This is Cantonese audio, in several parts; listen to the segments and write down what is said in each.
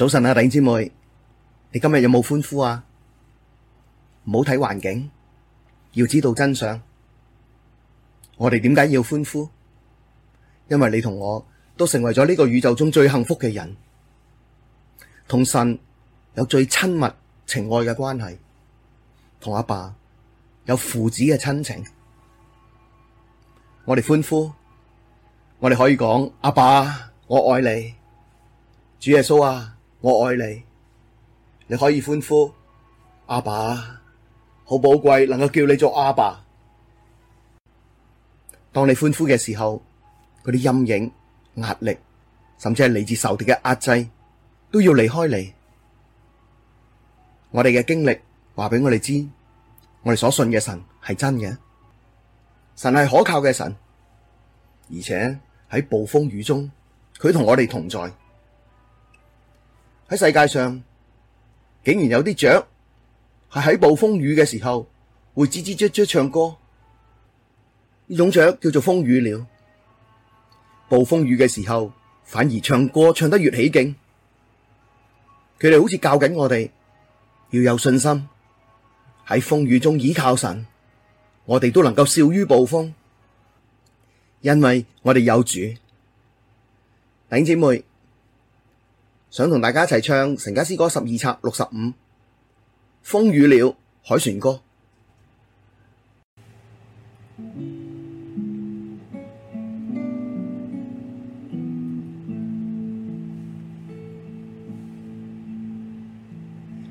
早晨啊，弟兄姊妹，你今日有冇歡呼啊？唔好睇環境，要知道真相。我哋點解要歡呼？因為你同我都成為咗呢個宇宙中最幸福嘅人，同神有最親密情愛嘅關係，同阿爸有父子嘅親情。我哋歡呼，我哋可以講阿爸，我愛你，主耶穌啊！我愛你，你可以歡呼，阿爸，好寶貴能夠叫你做阿爸。當你歡呼嘅時候，嗰啲陰影、壓力，甚至係嚟自仇敵嘅壓制，都要離開你。我哋嘅經歷，話俾我哋知，我哋所信嘅神係真嘅，神係可靠嘅神，而且喺暴風雨中，佢同我哋同在。喺世界上，竟然有啲雀係喺暴風雨嘅時候會吱吱喳喳唱歌，呢種雀叫做風雨鳥。暴風雨嘅時候，反而唱歌唱得越起勁。佢哋好似教緊我哋要有信心喺風雨中倚靠神，我哋都能夠笑於暴風，因為我哋有主。弟兄姐妹。想同大家一齊唱《神家詩歌》十二冊六十五，《風雨鳥凱旋歌》。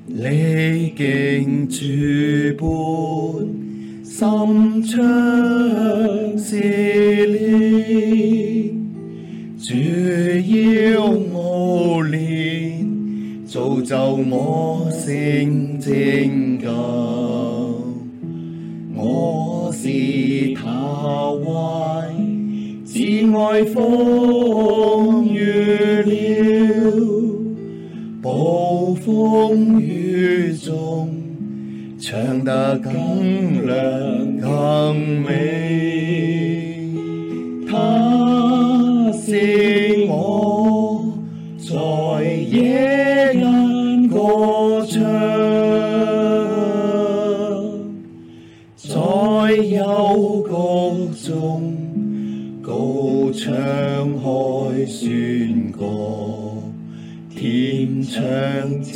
歷經諸般深長試煉。主要熬煉造就我成精金，我是祂懷，至愛風雨鳥。暴風雨中唱得更亮更美。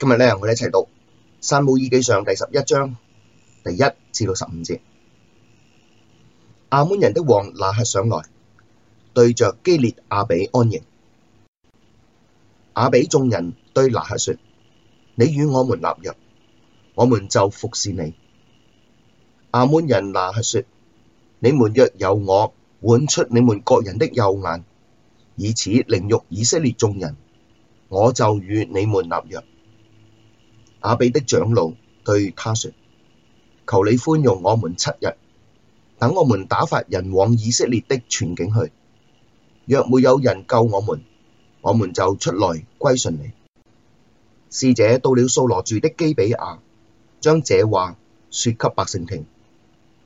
今日咧，我哋一齊讀《撒母耳記》上第十一章第一至到十五節。亞捫人的王拿轄上來，對着基列雅比安營。雅比眾人對拿轄說：你與我們立約，我們就服事你。亞捫人拿轄說：你們若由我剜出你們各人的右眼，以此凌辱以色列眾人，我就與你們立約。雅比的長老對他說：求你寬容我們七日，等我們打發人往以色列的全境去，若沒有人救我們，我們就出來歸順你。使者到了掃羅住的基比亞，將這話說給百姓聽，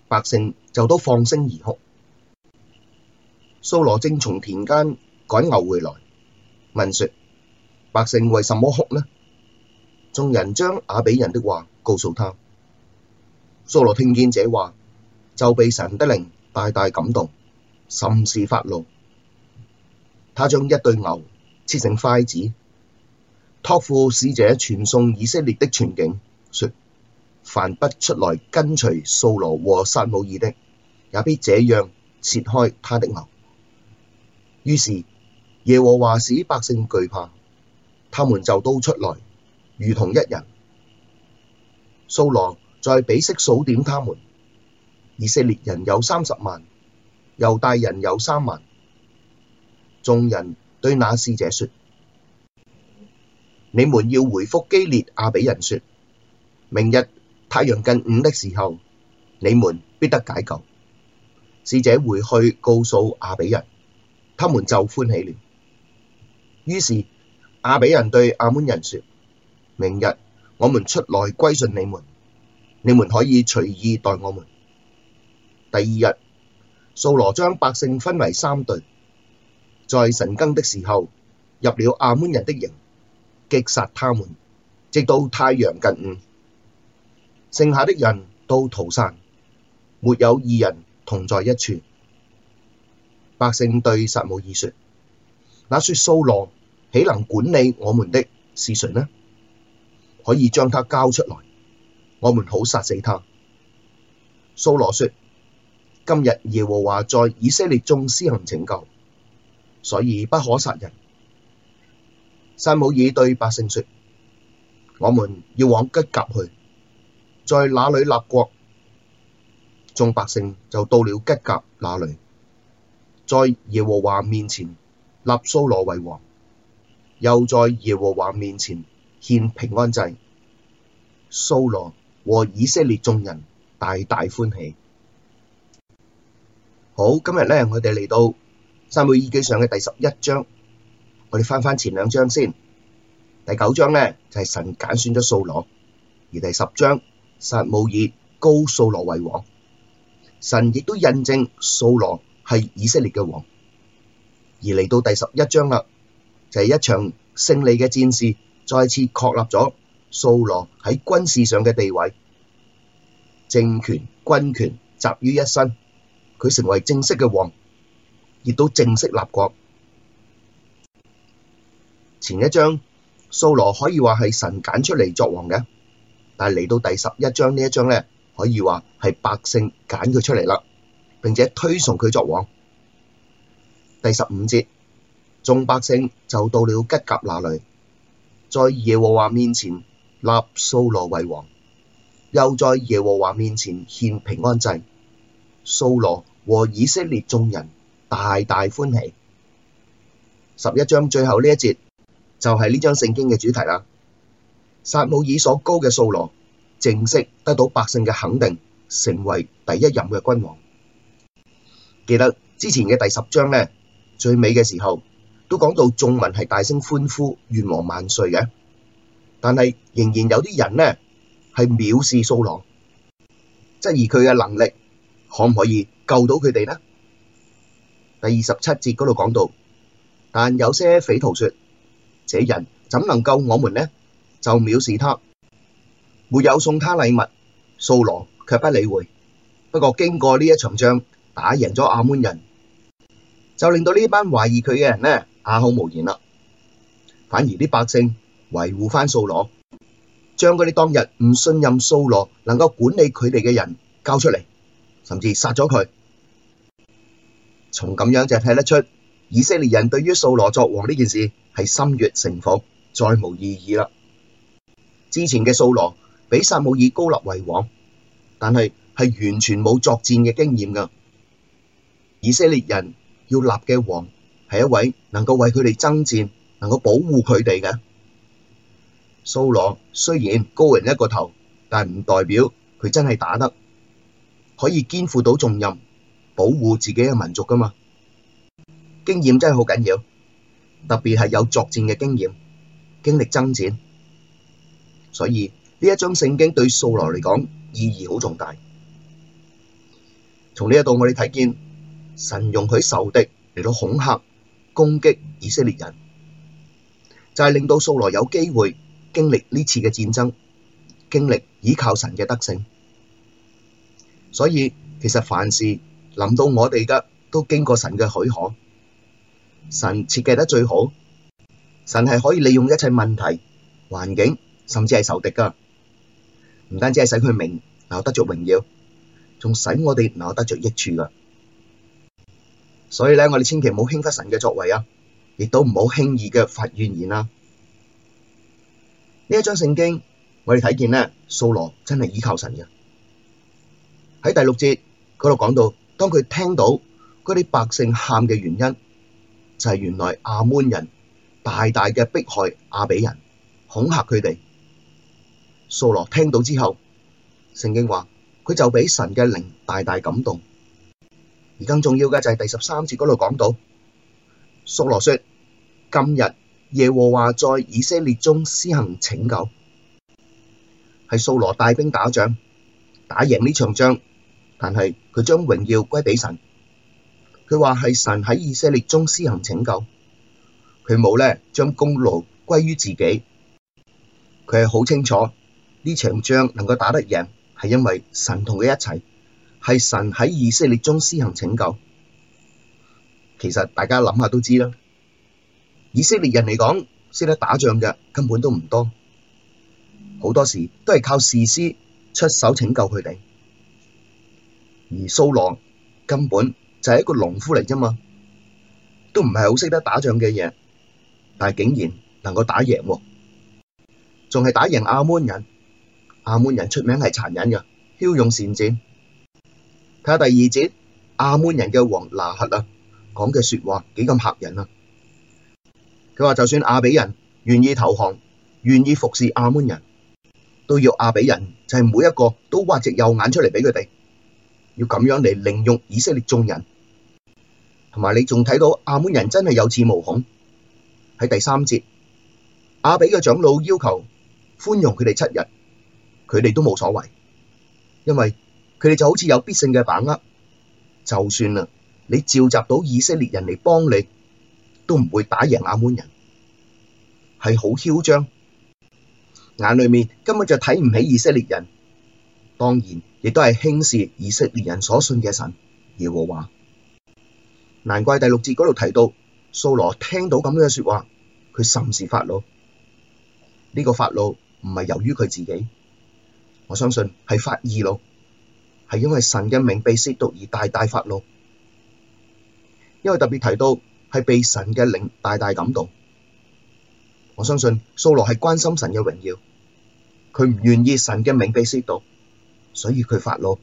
百姓就都放聲而哭。掃羅正從田間趕牛回來，問說：百姓為什麼哭呢？眾人將雅比人的話告訴他，掃羅聽見這話，就被神的靈大大感動，甚是發怒。他將一對牛切成塊子，託付使者傳送以色列的全境，說：凡不出來跟隨掃羅和撒母耳的，也必這樣切開他的牛。於是耶和華使百姓懼怕，他們就都出來。如同一人，掃羅在比色數點他們，以色列人有三十萬，猶大人有三萬。眾人對那使者說：你們要回覆基列雅比人說，明日太陽近午的時候，你們必得解救。使者回去告訴雅比人，他們就歡喜了。於是雅比人對亞捫人說。明日我們出來歸順你們，你們可以隨意待我們。第二日，掃羅將百姓分為三隊，在晨更的時候，入了亞捫人的營，擊殺他們，直到太陽近午，剩下的人都逃散，沒有二人同在一處。百姓對撒母耳說：那說掃羅豈能管理我們的是誰呢？可以將他交出來，我們好殺死他。掃羅說：今日耶和華在以色列中施行拯救，所以不可殺人。撒母耳對百姓說：我們要往吉甲去，在那裏立國。眾百姓就到了吉甲那裡，在耶和華面前立掃羅為王，又在耶和華面前獻平安祭，掃羅和以色列眾人大大歡喜。好，今日咧，我哋嚟到《撒母耳記》上嘅第十一章，我哋翻翻前兩章先。第九章咧就係神揀選咗掃羅，而第十章撒母耳膏掃羅為王，神亦都印證掃羅係以色列嘅王。而嚟到第十一章啦，就係一場勝利嘅戰事。再次確立咗掃羅喺軍事上嘅地位，政權、軍權集於一身，佢成為正式嘅王，亦都正式立國。前一章掃羅可以話係神揀出嚟作王嘅，但係嚟到第十一章呢一章咧，可以話係百姓揀佢出嚟啦，並且推崇佢作王。第十五節，眾百姓就到了吉甲那裏。在耶和華面前立掃羅為王，又在耶和華面前獻平安祭，掃羅和以色列眾人大大歡喜。十一章最後呢一節就係呢章聖經嘅主題啦。撒母耳所膏嘅掃羅正式得到百姓嘅肯定，成為第一任嘅君王。記得之前嘅第十章呢，最尾嘅時候。都講到眾民係大聲歡呼，願王萬歲嘅。但係仍然有啲人呢係藐視掃羅，質疑佢嘅能力可唔可以救到佢哋呢？第二十七節嗰度講到，但有些匪徒說：這人怎能救我們呢？就藐視他，沒有送他禮物。掃羅卻不理會。不過經過呢一場仗，打贏咗亞捫人，就令到呢班懷疑佢嘅人呢。啞口無言啦，反而啲百姓維護翻掃羅，將嗰啲當日唔信任掃羅能夠管理佢哋嘅人交出嚟，甚至殺咗佢。從咁樣就睇得出，以色列人對於掃羅作王呢件事係心悦誠服，再無異議啦。之前嘅掃羅畀撒母耳膏立為王，但係係完全冇作戰嘅經驗噶。以色列人要立嘅王。係一位能夠為佢哋爭戰、能夠保護佢哋嘅掃羅。雖然高人一個頭，但唔代表佢真係打得可以肩負到重任，保護自己嘅民族噶嘛。經驗真係好緊要，特別係有作戰嘅經驗、經歷爭戰，所以呢一章聖經對掃羅嚟講意義好重大。從呢一度我哋睇見神容許仇敵嚟到恐嚇，攻擊以色列人，就係、是、令到掃羅有機會經歷呢次嘅戰爭，經歷依靠神嘅德性。所以其實凡事臨到我哋嘅，都經過神嘅許可。神設計得最好，神係可以利用一切問題、環境，甚至係仇敵噶。唔單止係使佢名，攞得着榮耀，仲使我哋攞得着益處噶。所以咧，我哋千祈唔好輕忽神嘅作為啊，亦都唔好輕易嘅發怨言啊。呢一章聖經，我哋睇見咧，掃羅真係倚靠神嘅。喺第六節嗰度講到，當佢聽到嗰啲百姓喊嘅原因，就係、是、原來亞捫人大大嘅迫害雅比人，恐嚇佢哋。掃羅聽到之後，聖經話佢就畀神嘅靈大大感動。而更重要嘅就係第十三節嗰度講到，掃羅說：今日耶和華在以色列中施行拯救，係掃羅帶兵打仗，打贏呢場仗，但係佢將榮耀歸畀神。佢話係神喺以色列中施行拯救，佢冇呢將功勞歸於自己，佢係好清楚呢場仗能夠打得贏，係因為神同佢一齊。係神喺以色列中施行拯救，其實大家諗下都知啦。以色列人嚟講，識得打仗嘅根本都唔多，好多時都係靠士師出手拯救佢哋。而掃羅根本就係一個農夫嚟啫嘛，都唔係好識得打仗嘅嘢，但係竟然能夠打贏喎，仲係打贏亞捫人。亞捫人出名係殘忍嘅，驍勇善戰。睇下第二節，亞捫人嘅王拿轄啊，講嘅說話幾咁吓人啊！佢話就算雅比人願意投降，願意服侍亞捫人，都要雅比人就係每一個都挖隻右眼出嚟畀佢哋，要咁樣嚟凌辱以色列眾人。同埋你仲睇到亞捫人真係有恃無恐。喺第三節，雅比嘅長老要求寬容佢哋七日，佢哋都冇所謂，因為，佢哋就好似有必勝嘅把握，就算啦，你召集到以色列人嚟幫你，都唔會打贏亞捫人，係好囂張，眼裏面根本就睇唔起以色列人，當然亦都係輕視以色列人所信嘅神耶和華。難怪第六節嗰度提到，掃羅聽到咁樣嘅說話，佢甚是發怒。呢個發怒唔係由於佢自己，我相信係發義怒。係因為神嘅名被褻瀆而大大發怒，因為特別提到係被神嘅靈大大感動。我相信掃羅係關心神嘅榮耀，佢唔願意神嘅名被褻瀆，所以佢發怒。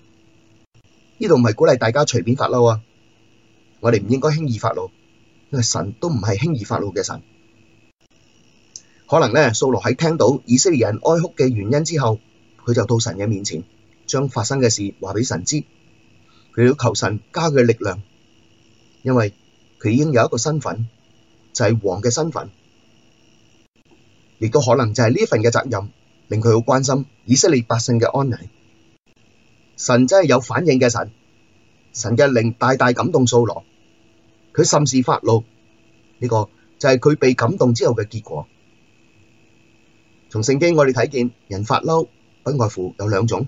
呢度唔係鼓勵大家隨便發嬲啊！我哋唔應該輕易發怒，因為神都唔係輕易發怒嘅神。可能呢，掃羅喺聽到以色列人哀哭嘅原因之後，佢就到神嘅面前。將發生嘅事話俾神知，佢要求神加佢力量，因為佢已經有一個身份，就係王嘅身份，亦都可能就係呢份嘅責任令佢好關心以色列百姓嘅安危。神真係有反應嘅神，神嘅靈大大感動掃羅，佢甚是發怒，呢個就係佢被感動之後嘅結果。從聖經我哋睇見人發嬲不外乎有兩種。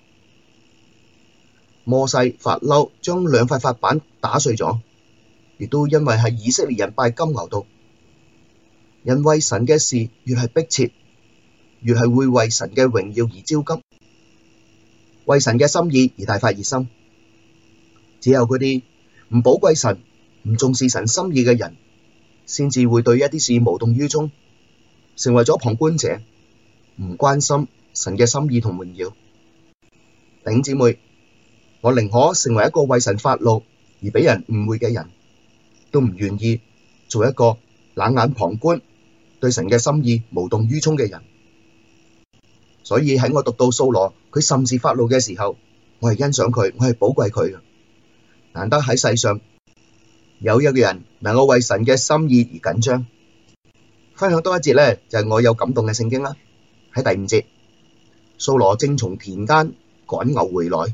摩西發嬲，將兩塊法板打碎咗，亦都因為係以色列人拜金牛犢。人為神嘅事越係迫切，越係會為神嘅榮耀而焦急，為神嘅心意而大發熱心。只有嗰啲唔寶貴神、唔重視神心意嘅人，先至會對一啲事無動於衷，成為咗旁觀者，唔關心神嘅心意同榮耀。頂姊妹。我寧可成為一個為神發怒而俾人誤會嘅人，都唔願意做一個冷眼旁觀、對神嘅心意無動於衷嘅人。所以喺我讀到掃羅佢甚是發怒嘅時候，我係欣賞佢，我係寶貴佢嘅。難得喺世上有一個人，能夠為神嘅心意而緊張。分享多一節呢，就係我有感動嘅聖經啦。喺第五節，掃羅正從田間趕牛回來。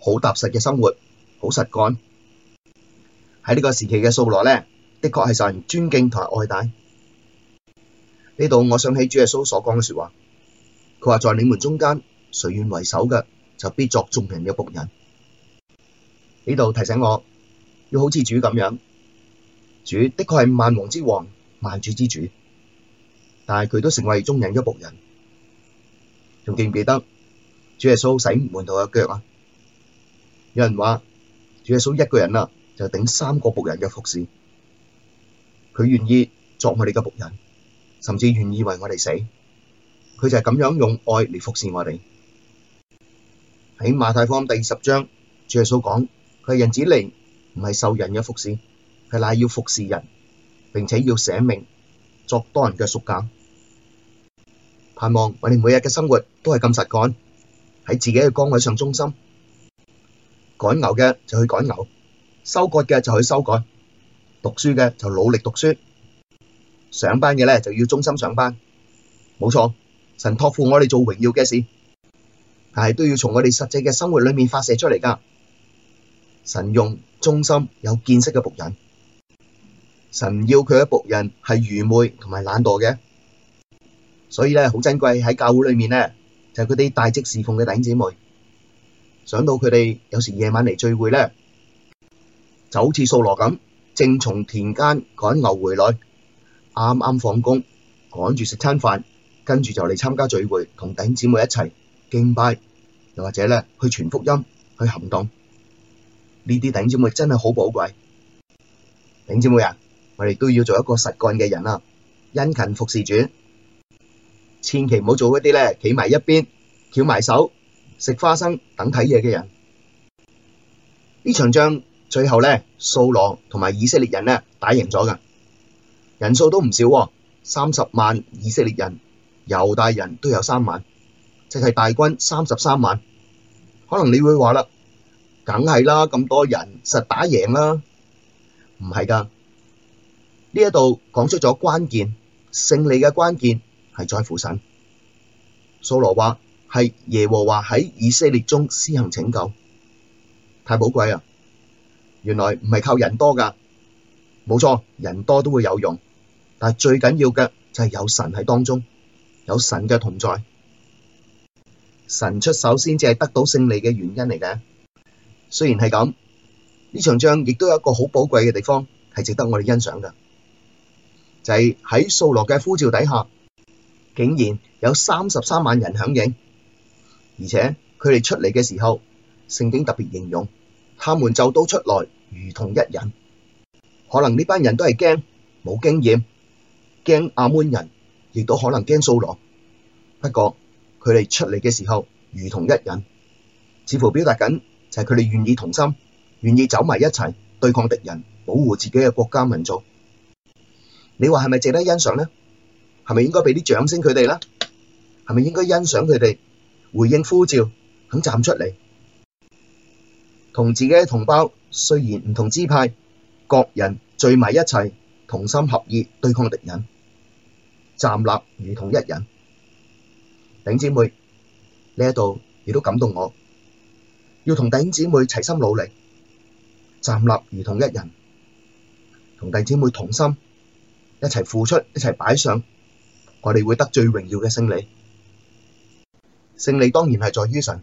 好踏實嘅生活，好實幹，喺呢個時期嘅掃羅呢，的確係受人尊敬同埋愛戴。呢度我想起主耶穌所講嘅説話，佢話：在你們中間，誰願為首嘅，就必作眾人嘅僕人。呢度提醒我要好似主咁樣，主的確係萬王之王、萬主之主，但係佢都成為眾人嘅僕人。仲記唔記得主耶穌洗門徒嘅腳啊？有人話主耶穌一個人啊，就頂三個僕人嘅服侍。佢願意作我哋嘅僕人，甚至願意為我哋死。佢就係咁樣用愛嚟服侍我哋。喺馬太福音第十章，主耶穌講：佢係人子嚟，唔係受人嘅服侍。佢乃要服侍人，並且要捨命作多人嘅贖價。盼望我哋每日嘅生活都係咁實幹，喺自己嘅崗位上忠心。趕牛嘅就去趕牛，收割嘅就去收割，讀書嘅就努力讀書，上班嘅咧就要忠心上班。冇錯，神託付我哋做榮耀嘅事，但係都要從我哋實際嘅生活裏面發射出嚟㗎。神用忠心有見識嘅僕人，神唔要佢嘅僕人係愚昧同埋懶惰嘅。所以咧，好珍貴喺教會裏面咧，就係嗰啲大積事奉嘅弟兄姊妹。想到佢哋有時夜晚嚟聚會咧，就好似掃羅咁，正從田間趕牛回來，啱啱放工，趕住食餐飯，跟住就嚟參加聚會，同頂姊妹一齊敬拜，又或者咧去傳福音、去行動。呢啲頂姊妹真係好寶貴，頂姊妹啊，我哋都要做一個實幹嘅人啦，殷勤服侍主，千祈唔好做嗰啲咧，企埋一邊，翹埋手。食花生等睇嘢嘅人，呢場仗最後呢，掃羅同埋以色列人呢，打贏咗噶，人數都唔少喎，三十萬以色列人、猶大人都有三萬，即係大軍三十三萬。可能你會話啦，梗係啦，咁多人實打贏啦，唔係噶，呢一度講出咗關鍵，勝利嘅關鍵係在乎神。掃羅話。係耶和華喺以色列中施行拯救，太寶貴啦！原來唔係靠人多噶，冇錯，人多都會有用，但係最緊要嘅就係有神喺當中，有神嘅同在，神出手先至係得到勝利嘅原因嚟嘅。雖然係咁，呢場仗亦都有一個好寶貴嘅地方，係值得我哋欣賞噶，就係喺掃羅嘅呼召底下，竟然有三十三萬人響應。而且佢哋出嚟嘅時候，聖經特別形容，他們就都出來，如同一人。可能呢班人都係驚冇經驗，驚亞捫人，亦都可能驚掃羅。不過佢哋出嚟嘅時候，如同一人，似乎表達緊就係佢哋願意同心，願意走埋一齊對抗敵人，保護自己嘅國家民族。你話係咪值得欣賞呢？係咪應該畀啲掌聲佢哋呢？係咪應該欣賞佢哋？回應呼召，肯站出嚟，同自己嘅同胞雖然唔同支派，各人聚埋一齊，同心合意對抗敵人，站立如同一人。弟兄姊妹，呢一度亦都感動我，要同弟兄姊妹齊心努力，站立如同一人，同弟姐妹同心一齊付出，一齊擺上，我哋會得最榮耀嘅勝利。勝利當然係在於神，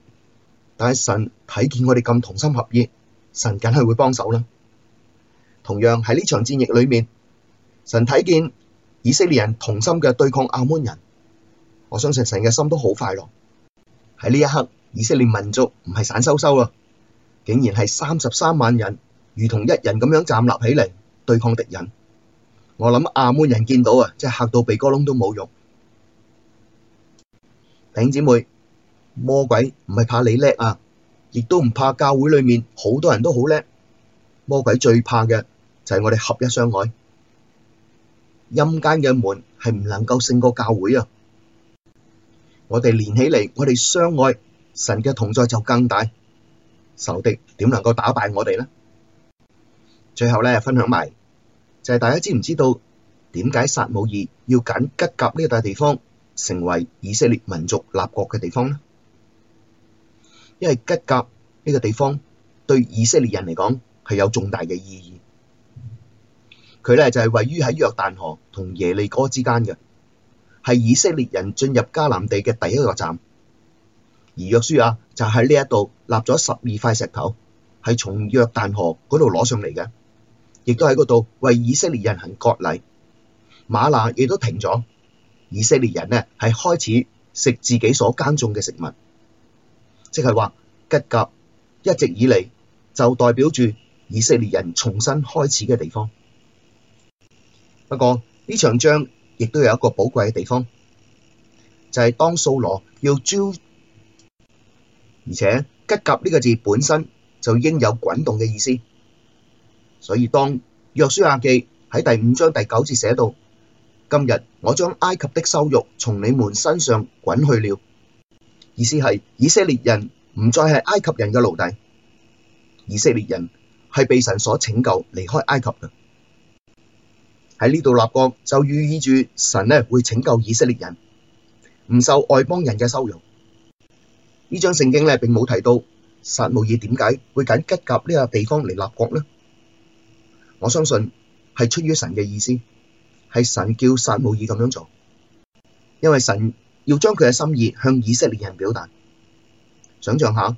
但係神睇見我哋咁同心合意，神梗係會幫手啦。同樣喺呢場戰役裏面，神睇見以色列人同心嘅對抗亞捫人，我相信神嘅心都好快樂。喺呢一刻，以色列民族唔係散收收散修修啦，竟然係三十三萬人如同一人咁樣站立起嚟對抗敵人。我諗亞捫人見到啊，即係嚇到鼻哥窿都冇用，弟兄姊妹。魔鬼唔係怕你叻啊，亦都唔怕教會裏面好多人都好叻。魔鬼最怕嘅就係我哋合一相愛。陰間嘅門係唔能夠勝過教會啊！我哋連起嚟，我哋相愛，神嘅同在就更大。仇敵點能夠打敗我哋呢？最後咧，分享埋就係、是、大家知唔知道點解撒母耳要揀吉甲呢個地方成為以色列民族立國嘅地方呢？因為吉甲呢個地方對以色列人嚟講係有重大嘅意義，佢咧就係、是、位於喺約旦河同耶利哥之間嘅，係以色列人進入迦南地嘅第一個站。而約書亞就喺呢一度立咗十二塊石頭，係從約旦河嗰度攞上嚟嘅，亦都喺嗰度為以色列人行割禮。馬納亦都停咗，以色列人咧係開始食自己所耕種嘅食物。即係話，吉甲一直以嚟就代表住以色列人重新開始嘅地方。不過呢場仗亦都有一個寶貴嘅地方，就係、是、當掃羅要招，而且吉甲呢個字本身就應有滾動嘅意思。所以當約書亞記喺第五章第九節寫到：今日我將埃及的羞辱從你們身上滾去了。意思係以色列人唔再係埃及人嘅奴隸，以色列人係被神所拯救離開埃及嘅。喺呢度立國就寓意住神咧會拯救以色列人，唔受外邦人嘅羞辱。呢章聖經咧並冇提到撒母耳點解會揀吉甲呢個地方嚟立國咧。我相信係出於神嘅意思，係神叫撒母耳咁樣做，因為神。要將佢嘅心意向以色列人表達。想象下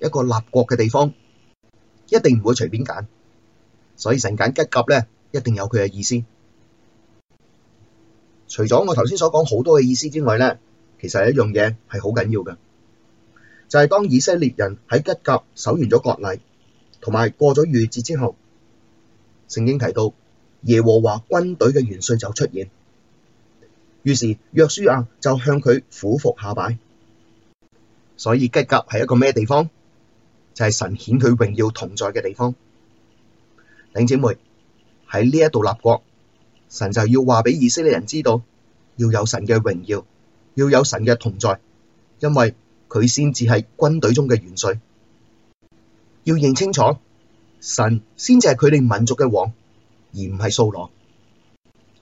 一個立國嘅地方，一定唔會隨便揀，所以神揀吉甲咧，一定有佢嘅意思。除咗我頭先所講好多嘅意思之外咧，其實有一樣嘢係好緊要嘅，就係當以色列人喺吉甲守完咗割禮，同埋過咗逾越節之後，聖經提到耶和華軍隊嘅元帥就出現。於是，約書亞就向佢俯伏下拜。所以，吉甲係一個咩地方？就係神顯佢榮耀同在嘅地方。領姐妹喺呢一度立國，神就要話俾以色列人知道，要有神嘅榮耀，要有神嘅同在，因為佢先至係軍隊中嘅元帥。要認清楚，神先至係佢哋民族嘅王，而唔係掃羅。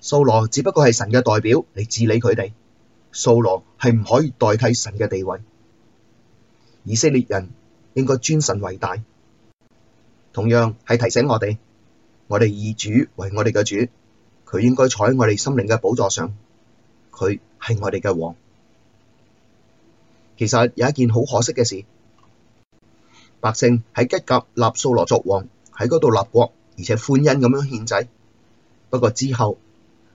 掃羅只不過係神嘅代表嚟，治理佢哋。掃羅係唔可以代替神嘅地位。以色列人應該尊神為大，同樣係提醒我哋，我哋以主為我哋嘅主，佢應該坐喺我哋心靈嘅寶座上，佢係我哋嘅王。其實有一件好可惜嘅事，百姓喺吉甲立掃羅作王，喺嗰度立國，而且歡欣咁樣獻祭，不過之後。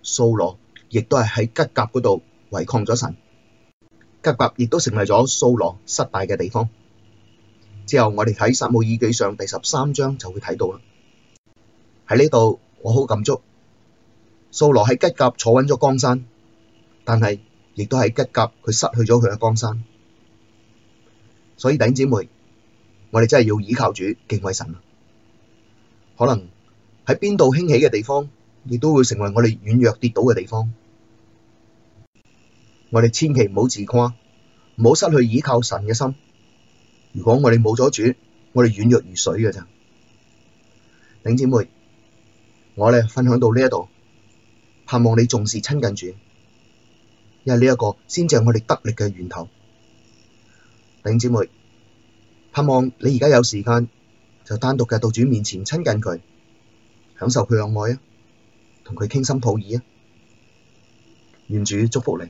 掃羅亦都係喺吉甲嗰度違抗咗神，吉甲亦都成為咗掃羅失敗嘅地方。之後我哋喺撒母耳記上第十三章就會睇到啦。喺呢度我好感觸，掃羅喺吉甲坐穩咗江山，但係亦都喺吉甲佢失去咗佢嘅江山。所以弟兄姊妹，我哋真係要倚靠主，敬畏神啊！可能喺邊度興起嘅地方，亦都會成為我哋軟弱跌倒嘅地方。我哋千祈唔好自誇，唔好失去依靠神嘅心。如果我哋冇咗主，我哋軟弱如水嘅。咋，弟兄姊妹，我咧分享到呢一度，盼望你重視親近主，因為呢一個先至係我哋得力嘅源頭。弟兄姊妹，盼望你而家有時間就單獨嘅到主面前親近佢，享受佢嘅愛啊！同佢傾心吐意啊！願主祝福你。